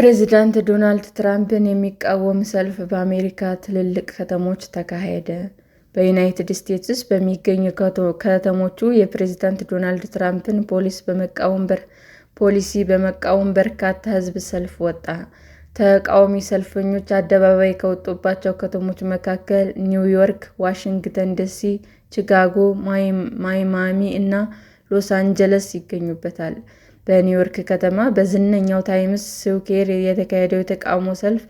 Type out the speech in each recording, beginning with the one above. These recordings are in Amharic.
ፕሬዝዳንት ዶናልድ ትራምፕን የሚቃወም ሰልፍ በአሜሪካ ትልልቅ ከተሞች ተካሄደ። በዩናይትድ ስቴትስ በሚገኙ ከተሞቹ የፕሬዝዳንት ዶናልድ ትራምፕን ፖሊስ ፖሊሲ በመቃወም በርካታ ሕዝብ ሰልፍ ወጣ። ተቃዋሚ ሰልፈኞች አደባባይ ከወጡባቸው ከተሞች መካከል ኒውዮርክ፣ ዋሽንግተን ዲሲ፣ ቺካጎ፣ ማይማሚ እና ሎስ አንጀለስ ይገኙበታል። በኒውዮርክ ከተማ በዝነኛው ታይምስ ስኩዌር የተካሄደው የተቃውሞ ሰልፍ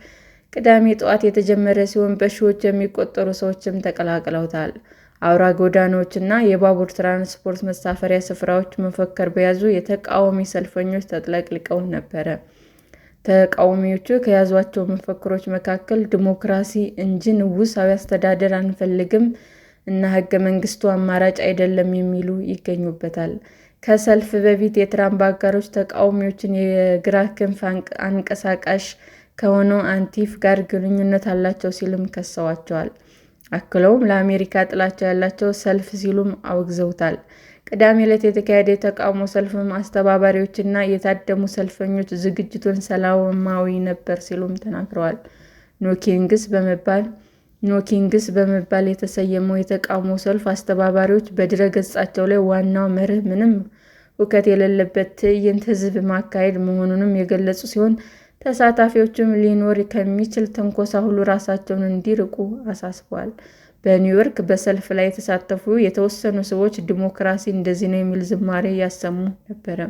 ቅዳሜ ጠዋት የተጀመረ ሲሆን በሺዎች የሚቆጠሩ ሰዎችም ተቀላቅለውታል። አውራ ጎዳናዎችና የባቡር ትራንስፖርት መሳፈሪያ ስፍራዎች መፈክር በያዙ የተቃዋሚ ሰልፈኞች ተጥለቅልቀው ነበረ። ተቃዋሚዎቹ ከያዟቸው መፈክሮች መካከል ዲሞክራሲ እንጂ ውሳዊ አስተዳደር አንፈልግም እና ሕገ መንግስቱ አማራጭ አይደለም የሚሉ ይገኙበታል። ከሰልፍ በፊት የትራምፕ አጋሮች ተቃዋሚዎችን የግራ ክንፍ አንቀሳቃሽ ከሆነው አንቲፋ ጋር ግንኙነት አላቸው ሲሉም ከሰዋቸዋል። አክለውም ለአሜሪካ ጥላቻ ያላቸው ሰልፍ ሲሉም አውግዘውታል። ቅዳሜ ዕለት የተካሄደ የተቃውሞ ሰልፍም አስተባባሪዎችና የታደሙ ሰልፈኞች ዝግጅቱን ሰላማዊ ነበር ሲሉም ተናግረዋል። ኖኪንግስ በመባል ኖኪንግስ በመባል የተሰየመው የተቃውሞ ሰልፍ አስተባባሪዎች በድረ-ገጻቸው ላይ ዋናው መርህ ምንም ሁከት የሌለበት ትዕይንት ህዝብ ማካሄድ መሆኑንም የገለጹ ሲሆን፣ ተሳታፊዎቹም ሊኖር ከሚችል ትንኮሳ ሁሉ ራሳቸውን እንዲርቁ አሳስበዋል። በኒውዮርክ በሰልፍ ላይ የተሳተፉ የተወሰኑ ሰዎች ዲሞክራሲ እንደዚህ ነው የሚል ዝማሬ እያሰሙ ነበረ።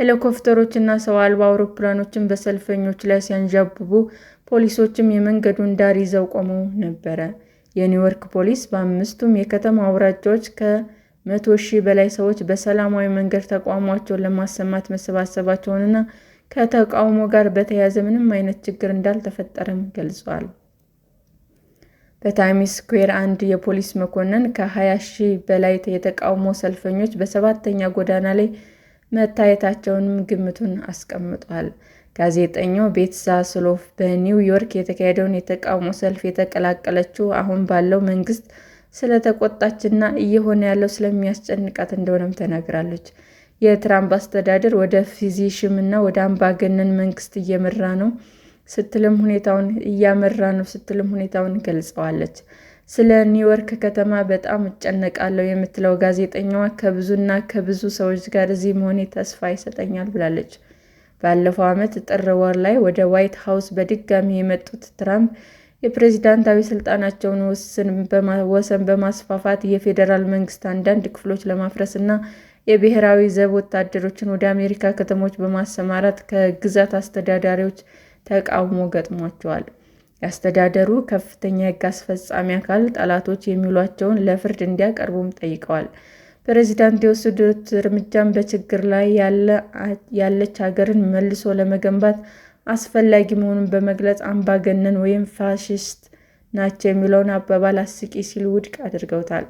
ሄሊኮፕተሮችና ሰው አልባ አውሮፕላኖችን በሰልፈኞች ላይ ሲያንዣብቡ ፖሊሶችም የመንገዱን ዳር ይዘው ቆመው ነበረ። የኒውዮርክ ፖሊስ በአምስቱም የከተማ አውራጃዎች ከ መቶ ሺህ በላይ ሰዎች በሰላማዊ መንገድ ተቃውሟቸውን ለማሰማት መሰባሰባቸውንና ከተቃውሞ ጋር በተያያዘ ምንም አይነት ችግር እንዳልተፈጠረም ገልጿል። በታይምስ ስኩዌር አንድ የፖሊስ መኮንን ከ20 ሺህ በላይ የተቃውሞ ሰልፈኞች በሰባተኛ ጎዳና ላይ መታየታቸውንም ግምቱን አስቀምጧል። ጋዜጠኛው ቤትሳ ስሎፍ በኒውዮርክ የተካሄደውን የተቃውሞ ሰልፍ የተቀላቀለችው አሁን ባለው መንግስት ስለተቆጣችና እየሆነ ያለው ስለሚያስጨንቃት እንደሆነም ተናግራለች። የትራምፕ አስተዳደር ወደ ፋሺዝምና ወደ አምባገነን መንግስት እየመራ ነው ስትልም ሁኔታውን እያመራ ነው ስትልም ሁኔታውን ገልጸዋለች። ስለ ኒውዮርክ ከተማ በጣም እጨነቃለሁ የምትለው ጋዜጠኛዋ ከብዙና ከብዙ ሰዎች ጋር እዚህ መሆኔ ተስፋ ይሰጠኛል ብላለች። ባለፈው ዓመት ጥር ወር ላይ ወደ ዋይት ሀውስ በድጋሚ የመጡት ትራምፕ የፕሬዚዳንታዊ ስልጣናቸውን ወሰን በማስፋፋት የፌዴራል መንግስት አንዳንድ ክፍሎች ለማፍረስ እና የብሔራዊ ዘብ ወታደሮችን ወደ አሜሪካ ከተሞች በማሰማራት ከግዛት አስተዳዳሪዎች ተቃውሞ ገጥሟቸዋል። የአስተዳደሩ ከፍተኛ የህግ አስፈጻሚ አካል ጠላቶች የሚሏቸውን ለፍርድ እንዲያቀርቡም ጠይቀዋል። ፕሬዚዳንት የወሰዱት እርምጃም በችግር ላይ ያለች ሀገርን መልሶ ለመገንባት አስፈላጊ መሆኑን በመግለጽ አምባገነን ወይም ፋሽስት ናቸው የሚለውን አባባል አስቂ ሲሉ ውድቅ አድርገውታል።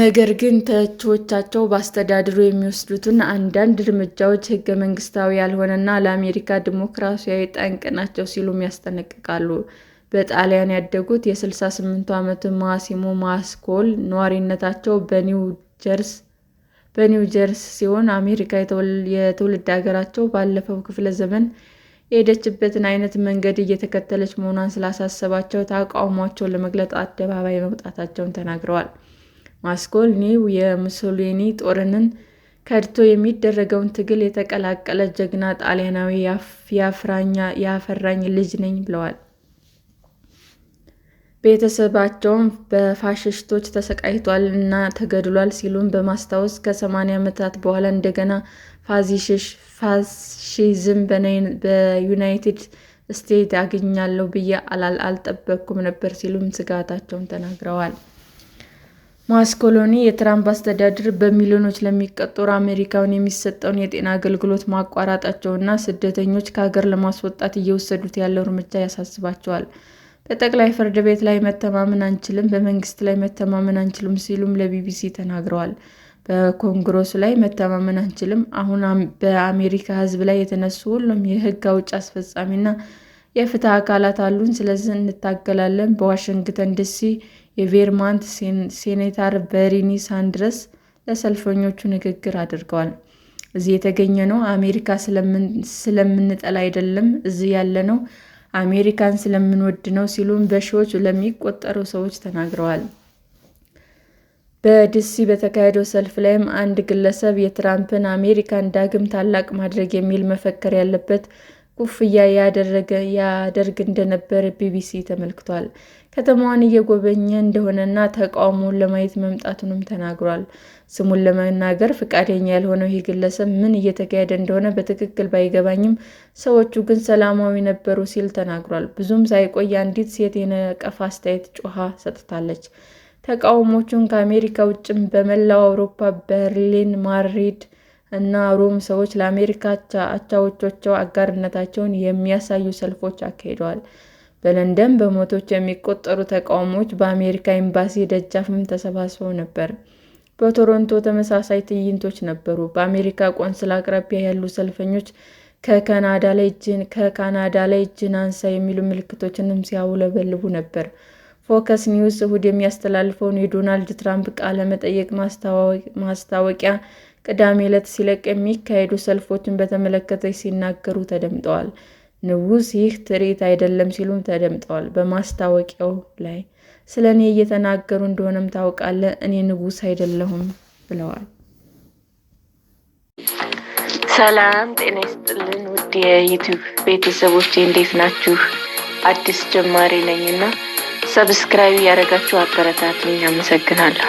ነገር ግን ተቺዎቻቸው በአስተዳደሩ የሚወስዱትን አንዳንድ እርምጃዎች ህገ መንግስታዊ ያልሆነና ለአሜሪካ ዲሞክራሲያዊ ጠንቅ ናቸው ሲሉም ያስጠነቅቃሉ። በጣሊያን ያደጉት የ68 ዓመቱ ማሲሞ ማስኮል ነዋሪነታቸው በኒው ጀርስ ሲሆን አሜሪካ የትውልድ ሀገራቸው ባለፈው ክፍለ ዘመን የሄደችበትን ዓይነት መንገድ እየተከተለች መሆኗን ስላሳሰባቸው ተቃውሟቸውን ለመግለጽ አደባባይ መውጣታቸውን ተናግረዋል። ማስኮል ኒው የሙሶሊኒ ጦርንን ከድቶ የሚደረገውን ትግል የተቀላቀለ ጀግና ጣሊያናዊ ያፈራኝ ልጅ ነኝ ብለዋል። ቤተሰባቸውም በፋሽስቶች ተሰቃይቷል እና ተገድሏል ሲሉም በማስታወስ ከ ከሰማንያ ዓመታት በኋላ እንደገና ፋሺዝም በዩናይትድ ስቴትስ አገኛለሁ ብዬ አልጠበኩም ነበር ሲሉም ስጋታቸውን ተናግረዋል። ማስኮሎኒ የትራምፕ አስተዳደር በሚሊዮኖች ለሚቆጠሩ አሜሪካውን የሚሰጠውን የጤና አገልግሎት ማቋረጣቸውና ስደተኞች ከሀገር ለማስወጣት እየወሰዱት ያለው እርምጃ ያሳስባቸዋል። በጠቅላይ ፍርድ ቤት ላይ መተማመን አንችልም፣ በመንግስት ላይ መተማመን አንችልም ሲሉም ለቢቢሲ ተናግረዋል። በኮንግረሱ ላይ መተማመን አንችልም። አሁን በአሜሪካ ህዝብ ላይ የተነሱ ሁሉም የህግ አውጭ አስፈጻሚና የፍትህ አካላት አሉን። ስለዚህ እንታገላለን። በዋሽንግተን ዲሲ የቬርማንት ሴኔተር በርኒ ሳንደርስ ለሰልፈኞቹ ንግግር አድርገዋል። እዚህ የተገኘ ነው አሜሪካ ስለምንጠላ አይደለም፣ እዚህ ያለ ነው አሜሪካን ስለምንወድ ነው ሲሉም በሺዎች ለሚቆጠሩ ሰዎች ተናግረዋል። በዲሲ በተካሄደው ሰልፍ ላይም አንድ ግለሰብ የትራምፕን አሜሪካን ዳግም ታላቅ ማድረግ የሚል መፈክር ያለበት ኩፍያ ያደረገ ያደርግ እንደነበር ቢቢሲ ተመልክቷል። ከተማዋን እየጎበኘ እንደሆነና ተቋሙን ለማየት መምጣቱንም ተናግሯል። ስሙን ለመናገር ፈቃደኛ ያልሆነው ይህ ግለሰብ ምን እየተካሄደ እንደሆነ በትክክል ባይገባኝም ሰዎቹ ግን ሰላማዊ ነበሩ ሲል ተናግሯል። ብዙም ሳይቆይ አንዲት ሴት የነቀፋ አስተያየት ጮኻ ሰጥታለች። ተቃውሞቹን ከአሜሪካ ውጭም በመላው አውሮፓ በርሊን፣ ማድሪድ እና ሮም ሰዎች ለአሜሪካ አቻዎቻቸው አጋርነታቸውን የሚያሳዩ ሰልፎች አካሂደዋል። በለንደን በመቶዎች የሚቆጠሩ ተቃውሞዎች በአሜሪካ ኤምባሲ ደጃፍም ተሰባስበው ነበር። በቶሮንቶ ተመሳሳይ ትዕይንቶች ነበሩ። በአሜሪካ ቆንስላ አቅራቢያ ያሉ ሰልፈኞች ከካናዳ ላይ እጅን አንሳ የሚሉ ምልክቶችንም ሲያውለበልቡ ነበር። ፎከስ ኒውስ እሁድ የሚያስተላልፈውን የዶናልድ ትራምፕ ቃለ መጠይቅ ማስታወቂያ ቅዳሜ ዕለት ሲለቅ የሚካሄዱ ሰልፎችን በተመለከተ ሲናገሩ ተደምጠዋል። ንጉስ ይህ ትርኢት አይደለም ሲሉም ተደምጠዋል። በማስታወቂያው ላይ ስለ እኔ እየተናገሩ እንደሆነም ታውቃለህ፣ እኔ ንጉስ አይደለሁም ብለዋል። ሰላም ጤና ይስጥልን ውድ የዩቲዩብ ቤተሰቦች እንዴት ናችሁ? አዲስ ጀማሪ ነኝና ሰብስክራይብ ያደረጋችሁ አበረታቱኝ። አመሰግናለሁ።